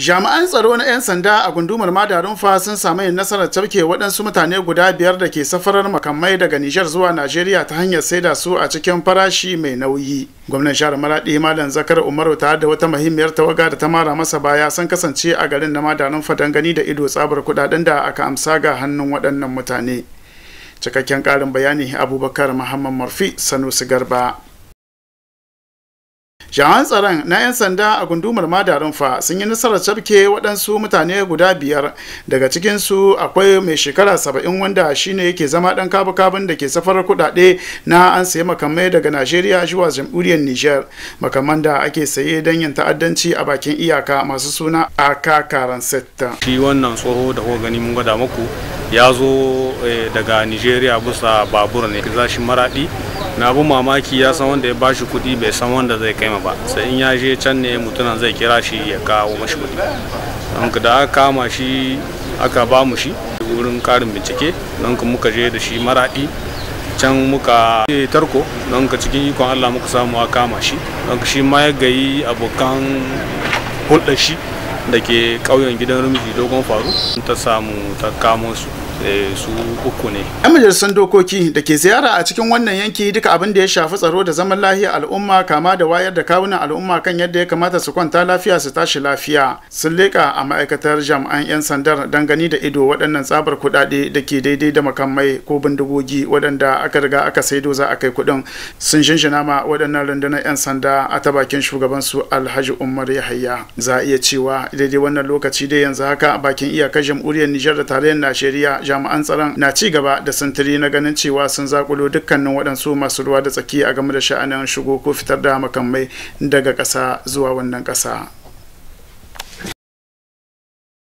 jami'an tsaro na 'yan sanda a gundumar madarin fa sun samu yin nasarar cafke waɗansu mutane guda biyar da ke safarar makamai daga nijar zuwa najeriya ta hanyar saida su a cikin farashi mai nauyi gwamnan jihar maraɗi malam zakar umaru tare da wata muhimmiyar tawaga da ta mara masa baya sun kasance a garin na madarin fa gani da ido tsabar kuɗaɗen da aka amsa ga hannun waɗannan mutane cikakken ƙarin bayani abubakar muhammad murfi sanusi garba jami'an tsaron na 'yan sanda a gundumar madarin fa sun yi nasarar cafke waɗansu mutane guda biyar daga cikinsu akwai mai shekara saba'in wanda shine yake zama ɗan kabu kabin da ke safar kuɗaɗe na an sayi makamai daga najeriya zuwa jamhuriyar niger makaman da ake saye don yin ta'addanci a bakin iyaka masu suna aka karan setta shi wannan tsoho da kuka gani mun gwada muku ya zo eh, daga nigeria bisa babur ne za maraɗi na bu mamaki ya san wanda ya ba shi kuɗi bai san wanda zai kai ma ba sai in ya je can ne mutunan zai kira shi ya kawo mashi kudi don da aka kama shi aka ba mu shi wurin karin bincike don muka je da shi maraɗi can muka tarko don ka cikin ikon allah muka samu a kama shi don shi ma ya gayi abokan hulɗar shi da ke ƙauyen gidan rumfi dogon faru ta samu ta kamo su Eh, su uku ne. 'Yan majalisar dokoki da ke ziyara a cikin wannan yanki duka abin da ya shafi tsaro da zaman lafiya al'umma kama da wayar da kawunan al'umma kan yadda ya kamata su kwanta lafiya su tashi lafiya sun leƙa a ma'aikatar jami'an 'yan sandar dangane da ido waɗannan tsabar kuɗaɗe da ke daidai da makamai ko bindigogi waɗanda aka riga aka saido za a kai kuɗin sun shinshina ma waɗannan rundunar 'yan sanda a ta bakin shugabansu alhaji umar yahaya za a iya cewa daidai wannan lokaci dai yanzu haka bakin iyakar jamhuriyar nijar da tarayyar najeriya jami'an tsaron na ci gaba da santiri na ganin cewa sun zakulo dukkanin waɗansu masu ruwa da tsaki a game da sha'anin shigo ko fitar da makamai daga ƙasa zuwa wannan ƙasa.